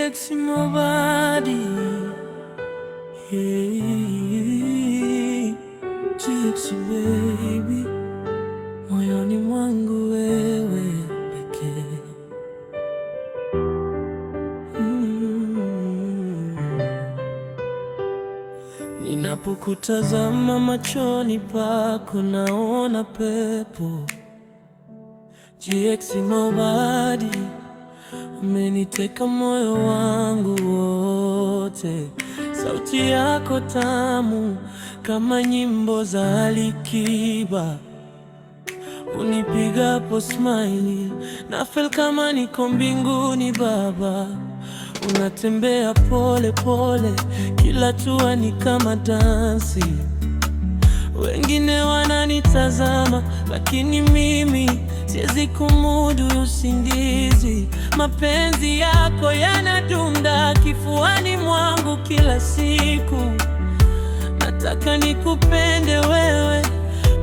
gets my body. baby, moyoni mwangu wewe pekee. Mm. Mm-hmm. Ninapokutazama machoni pako naona pepo. GX nobody umeniteka moyo wangu wote, sauti yako tamu kama nyimbo za Alikiba, unipiga po smile na feel kama niko mbinguni. Baba, unatembea pole pole, kila tua ni kama dansi wengine wananitazama, lakini mimi siwezi kumudu usingizi. Mapenzi yako yanadunda kifuani mwangu kila siku. Nataka nikupende wewe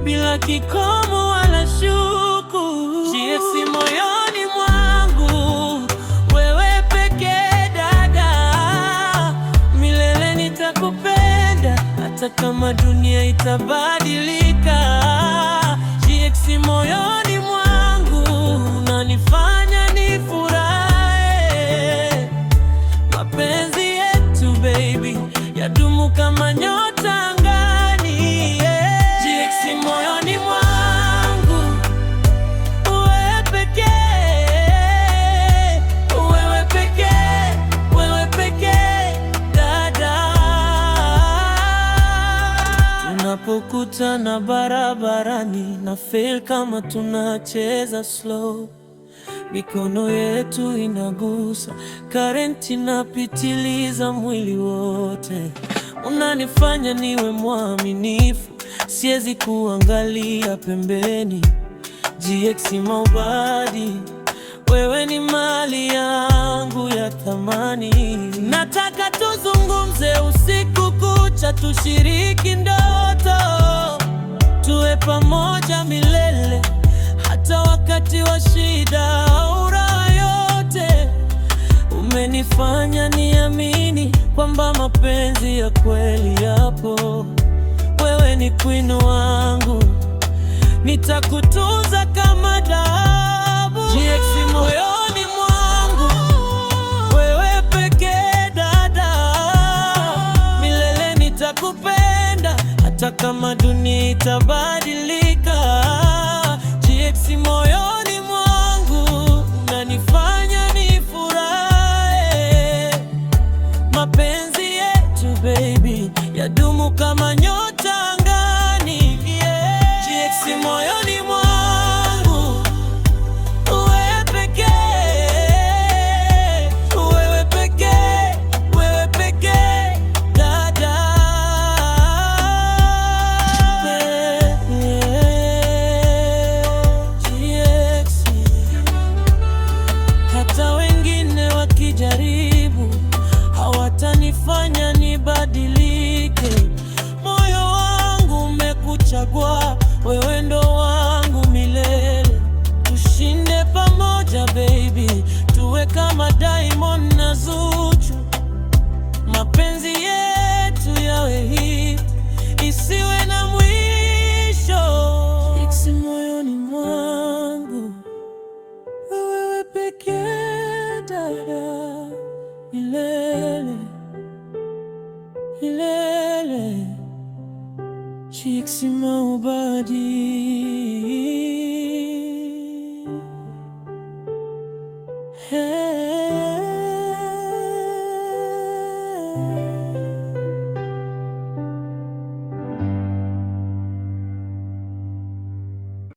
bila kikomo wala shu hata kama dunia itabadilika, GX moyoni mwangu unanifanya tunakutana barabarani na feel kama tunacheza slow, mikono yetu inagusa current inapitiliza mwili wote. Unanifanya niwe mwaminifu, siwezi kuangalia pembeni. GX maubadi, wewe ni mali yangu ya thamani. Nataka tuzungumze usiku kucha, tushiriki ndoto tuwe pamoja milele, hata wakati wa shida au raha yote. Umenifanya niamini kwamba mapenzi ya kweli yapo. Wewe ni kwinu wangu, nitakutunza kama dhahabu. nitabadilika, GX Milele milele, şiksime ubadi